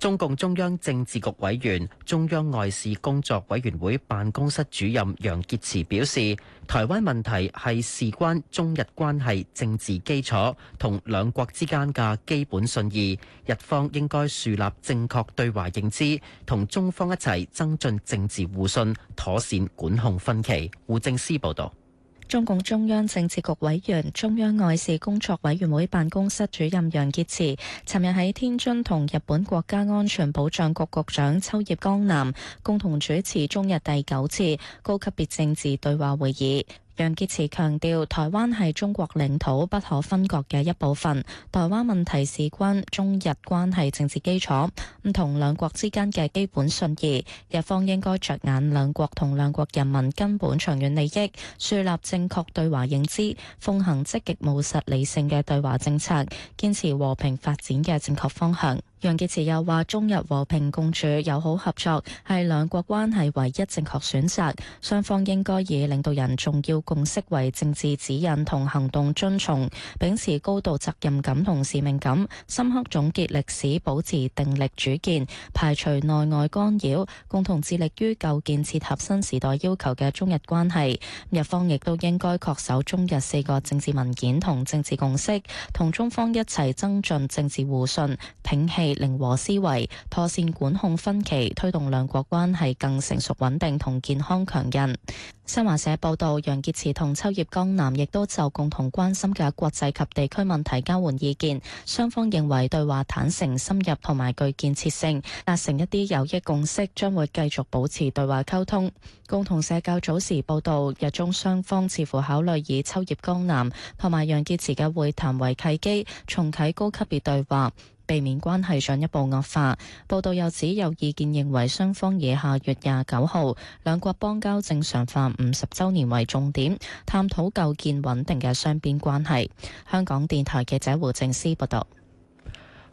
中共中央政治局委員、中央外事工作委員會辦公室主任楊潔篪表示，台灣問題係事關中日關係政治基礎同兩國之間嘅基本信義，日方應該樹立正確對華認知，同中方一齊增進政治互信，妥善管控分歧。胡正思報道。中共中央政治局委員、中央外事工作委員會辦公室主任楊潔篪，尋日喺天津同日本國家安全保障局局長秋葉剛男共同主持中日第九次高級別政治對話會議。楊潔篪強調，台灣係中國領土不可分割嘅一部分。台灣問題事關中日關係政治基礎，唔同兩國之間嘅基本信義。日方應該着眼兩國同兩國人民根本長遠利益，樹立正確對華認知，奉行積極務實理性嘅對華政策，堅持和平發展嘅正確方向。楊潔篪又話：中日和平共處、友好合作係兩國關係唯一正確選擇，雙方應該以領導人重要共識為政治指引同行動遵從，秉持高度責任感同使命感，深刻總結歷史，保持定力主見，排除內外干擾，共同致力於構建契合新時代要求嘅中日關係。日方亦都應該確守中日四個政治文件同政治共識，同中方一齊增進政治互信，摒棄零和思維，妥善管控分歧，推動兩國關係更成熟、穩定同健康強韌。新華社報道，楊潔篪同秋葉江南亦都就共同關心嘅國際及地區問題交換意見，雙方認為對話坦誠、深入同埋具建設性，達成一啲有益共識，將會繼續保持對話溝通。共同社較早時報道，日中雙方似乎考慮以秋葉江南同埋楊潔篪嘅會談為契機，重啟高級別對話。避免關係進一步惡化。報道又指有意見認為，雙方以下月廿九號兩國邦交正常化五十週年為重點，探討構建穩定嘅雙邊關係。香港電台記者胡正思報道。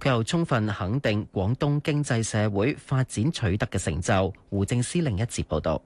佢又充分肯定廣東經濟社會發展取得嘅成就。胡正思另一節報道。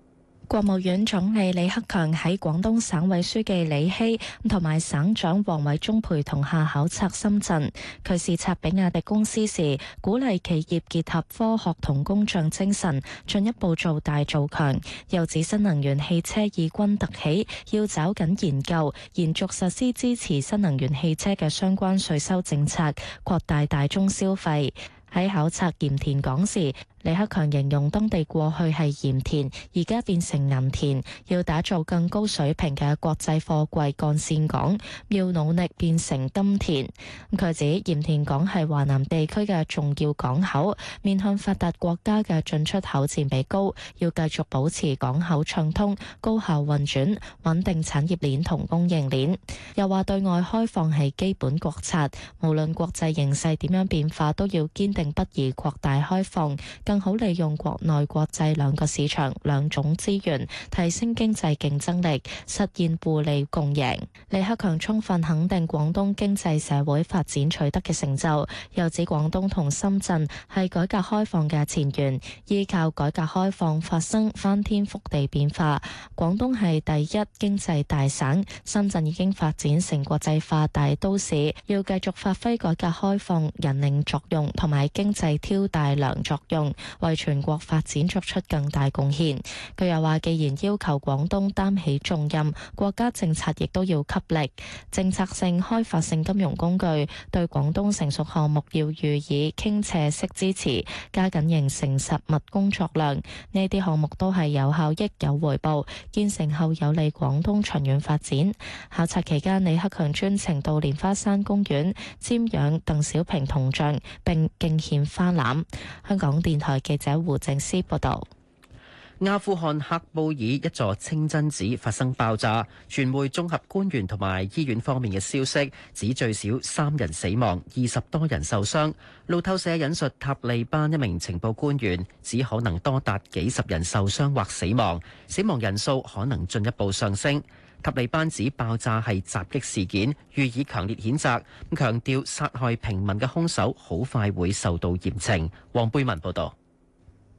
國務院總理李克強喺廣東省委書記李希同埋省長王偉中陪同下考察深圳。佢視察比亞迪公司時，鼓勵企業結合科學同工匠精神，進一步做大做強。又指新能源汽車異軍突起，要抓緊研究，延續實施支持新能源汽車嘅相關稅收政策，擴大大宗消費。喺考察鹽田港時，李克強形容當地過去係鹽田，而家變成銀田，要打造更高水平嘅國際貨櫃幹線港，要努力變成金田。佢指鹽田港係華南地區嘅重要港口，面向發達國家嘅進出口佔比高，要繼續保持港口暢通、高效運轉、穩定產業鏈同供應鏈。又話對外開放係基本國策，無論國際形勢點樣變化，都要堅定不移擴大開放。更好利用國內國際兩個市場兩種資源，提升經濟競爭力，實現互利共贏。李克強充分肯定廣東經濟社會發展取得嘅成就，又指廣東同深圳係改革開放嘅前沿，依靠改革開放發生翻天覆地變化。廣東係第一經濟大省，深圳已經發展成國際化大都市，要繼續發揮改革開放引領作用同埋經濟挑大梁作用。為全國發展作出更大貢獻。佢又話：既然要求廣東擔起重任，國家政策亦都要給力。政策性、開發性金融工具對廣東成熟項目要予以傾斜式支持，加緊形成實物工作量。呢啲項目都係有效益、有回報，建成後有利廣東長遠發展。考察期間，李克強專程到蓮花山公園瞻仰鄧小平銅像並敬獻花籃。香港電台。記者胡正思報道，阿富汗喀布爾一座清真寺發生爆炸。傳媒綜合官員同埋醫院方面嘅消息，指最少三人死亡，二十多人受傷。路透社引述塔利班一名情報官員，指可能多達幾十人受傷或死亡，死亡人數可能進一步上升。塔利班指爆炸係襲擊事件，予以強烈譴責，強調殺害平民嘅兇手好快會受到嚴懲。黃貝文報道。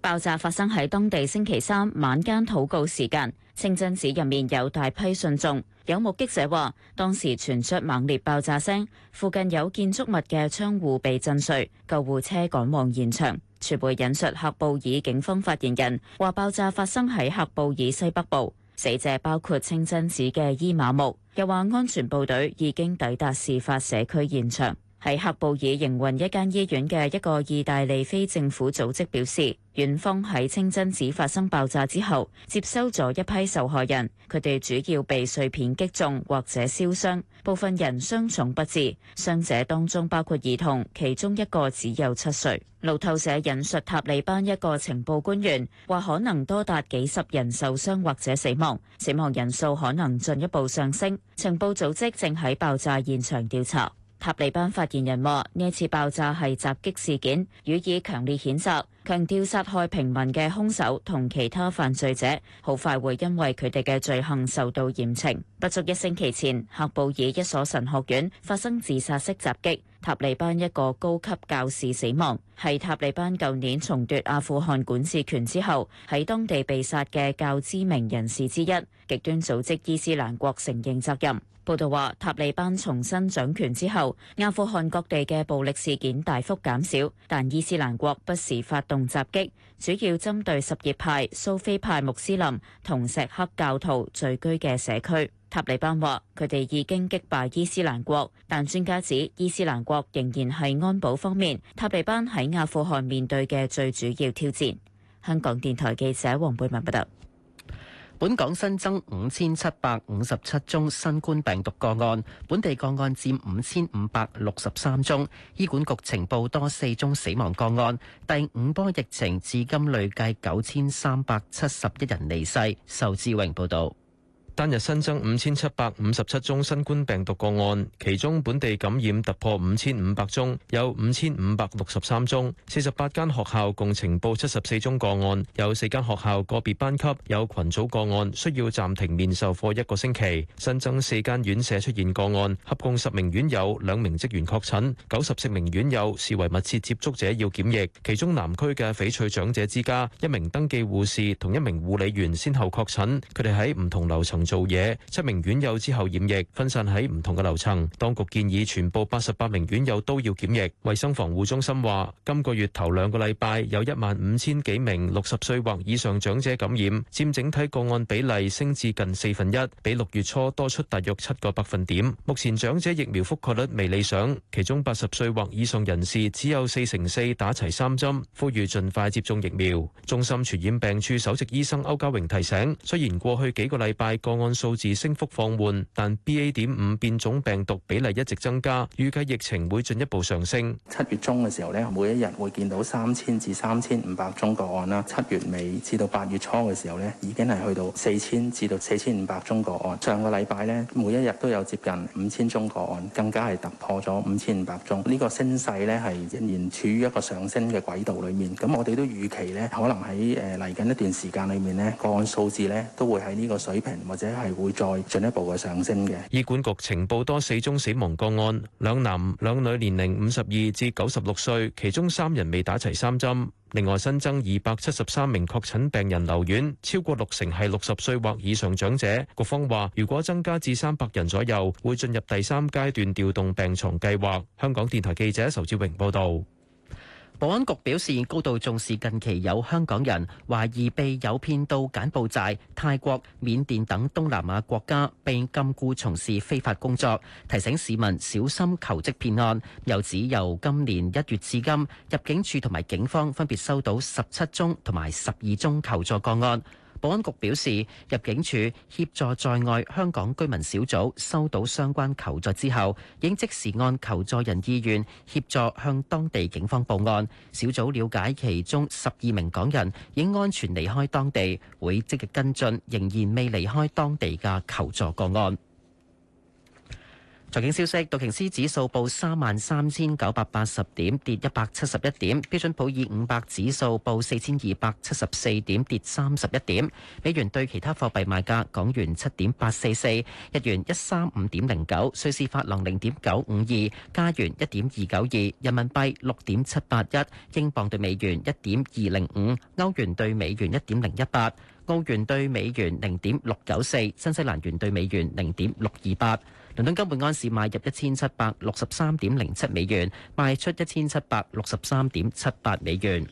爆炸發生喺當地星期三晚間禱告時間，清真寺入面有大批信眾。有目擊者話，當時傳出猛烈爆炸聲，附近有建築物嘅窗戶被震碎，救護車趕往現場。傳媒引述喀布爾警方發言人話，爆炸發生喺喀布爾西北部，死者包括清真寺嘅伊瑪木。又話安全部隊已經抵達事發社區現場。喺喀布爾營運一間醫院嘅一個意大利非政府組織表示，院方喺清真寺發生爆炸之後，接收咗一批受害人，佢哋主要被碎片擊中或者燒傷，部分人傷重不治。傷者當中包括兒童，其中一個只有七歲。路透社引述塔利班一個情報官員話，可能多達幾十人受傷或者死亡，死亡人數可能進一步上升。情報組織正喺爆炸現場調查。塔利班發言人話：呢次爆炸係襲擊事件，予以強烈譴責，強調殺害平民嘅兇手同其他犯罪者好快會因為佢哋嘅罪行受到嚴懲。不足一星期前，喀布爾一所神學院發生自殺式襲擊。塔利班一個高級教士死亡，係塔利班舊年重奪阿富汗管治權之後喺當地被殺嘅較知名人士之一。極端組織伊斯蘭國承認責任。報導話，塔利班重新掌權之後，阿富汗各地嘅暴力事件大幅減少，但伊斯蘭國不時發動襲擊，主要針對什葉派、蘇菲派穆斯林同錫克教徒聚居嘅社區。塔利班話佢哋已經擊敗伊斯蘭國，但專家指伊斯蘭國仍然係安保方面塔利班喺阿富汗面對嘅最主要挑戰。香港電台記者黃貝文報道。本港新增五千七百五十七宗新冠病毒個案，本地個案占五千五百六十三宗。醫管局情報多四宗死亡個案，第五波疫情至今累計九千三百七十一人離世。壽志榮報道。單日新增五千七百五十七宗新冠病毒個案，其中本地感染突破五千五百宗，有五千五百六十三宗。四十八間學校共呈報七十四宗個案，有四間學校個別班級有群組個案，需要暫停面授課一個星期。新增四間院舍出現個案，合共十名院友、兩名職員確診，九十四名院友視為密切接觸者要檢疫。其中南區嘅翡翠長者之家，一名登記護士同一名護理員先後確診，佢哋喺唔同樓層做嘢，七名院友之後染疫，分散喺唔同嘅樓層。當局建議全部八十八名院友都要檢疫。衛生防護中心話，今個月頭兩個禮拜有一萬五千幾名六十歲或以上長者感染，佔整體個案比例升至近四分一，比六月初多出大約七個百分點。目前長者疫苗覆蓋率未理想，其中八十歲或以上人士只有四成四打齊三針，呼籲盡快接種疫苗。中心傳染病處首席醫生歐家榮提醒，雖然過去幾個禮拜個個案數字升幅放緩，但 BA. 點五變種病毒比例一直增加，預計疫情會進一步上升。七月中嘅時候咧，每一日會見到三千至三千五百宗個案啦，七月尾至到八月初嘅時候咧，已經係去到四千至到四千五百宗個案。上個禮拜咧，每一日都有接近五千宗個案，更加係突破咗五千五百宗。呢個升勢咧係仍然處於一個上升嘅軌道裏面。咁我哋都預期咧，可能喺誒嚟緊一段時間裏面咧，個案數字咧都會喺呢個水平或者。或者係會再進一步嘅上升嘅。醫管局情報多四宗死亡個案，兩男兩女，年齡五十二至九十六歲，其中三人未打齊三針。另外新增二百七十三名確診病人留院，超過六成係六十歲或以上長者。局方話，如果增加至三百人左右，會進入第三階段調動病床計劃。香港電台記者仇志榮報道。保安局表示，高度重視近期有香港人懷疑被誘騙到柬埔寨、泰國、緬甸等東南亞國家並禁錮從事非法工作，提醒市民小心求職騙案。又指由今年一月至今，入境處同埋警方分別收到十七宗同埋十二宗求助個案。保安局表示，入境處協助在外香港居民小組收到相關求助之後應即時按求助人意願協助向當地警方報案。小組了解其中十二名港人已安全離開當地，會積極跟進仍然未離開當地嘅求助個案。財經消息：道瓊斯指數報三萬三千九百八十點，跌一百七十一點，標準普爾五百指數報四千二百七十四點，跌三十一點，美元兌其他貨幣賣價，港元七點八四四，日元一三五點零九，瑞士法郎零點九五二，加元一點二九二，人民幣六點七八一，英鎊兌美元一點二零五，歐元兌美元一點零一八，澳元兌美元零點六九四，新西蘭元兌美元零點六二八。倫敦金本安士買入一千七百六十三點零七美元，賣出一千七百六十三點七八美元。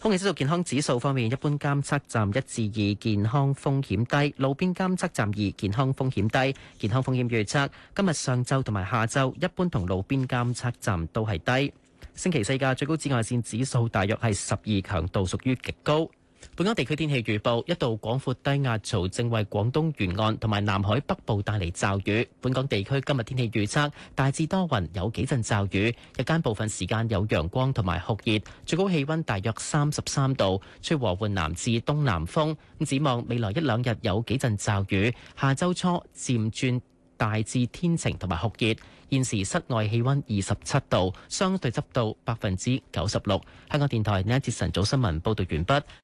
空氣質素健康指數方面，一般監測站一至二健康風險低，路邊監測站二健康風險低。健康風險預測今日上晝同埋下晝一般同路邊監測站都係低。星期四嘅最高紫外線指數大約係十二強度，屬於極高。本港地區天氣預報，一道廣闊低壓槽正為廣東沿岸同埋南海北部帶嚟驟雨。本港地區今日天氣預測大致多雲，有幾陣驟雨，日間部分時間有陽光同埋酷熱，最高氣溫大約三十三度，吹和緩南至東南風。咁展望未來一兩日有幾陣驟雨，下周初漸轉大致天晴同埋酷熱，現時室外氣溫二十七度，相對濕度百分之九十六。香港電台呢一節晨早新聞報道完畢。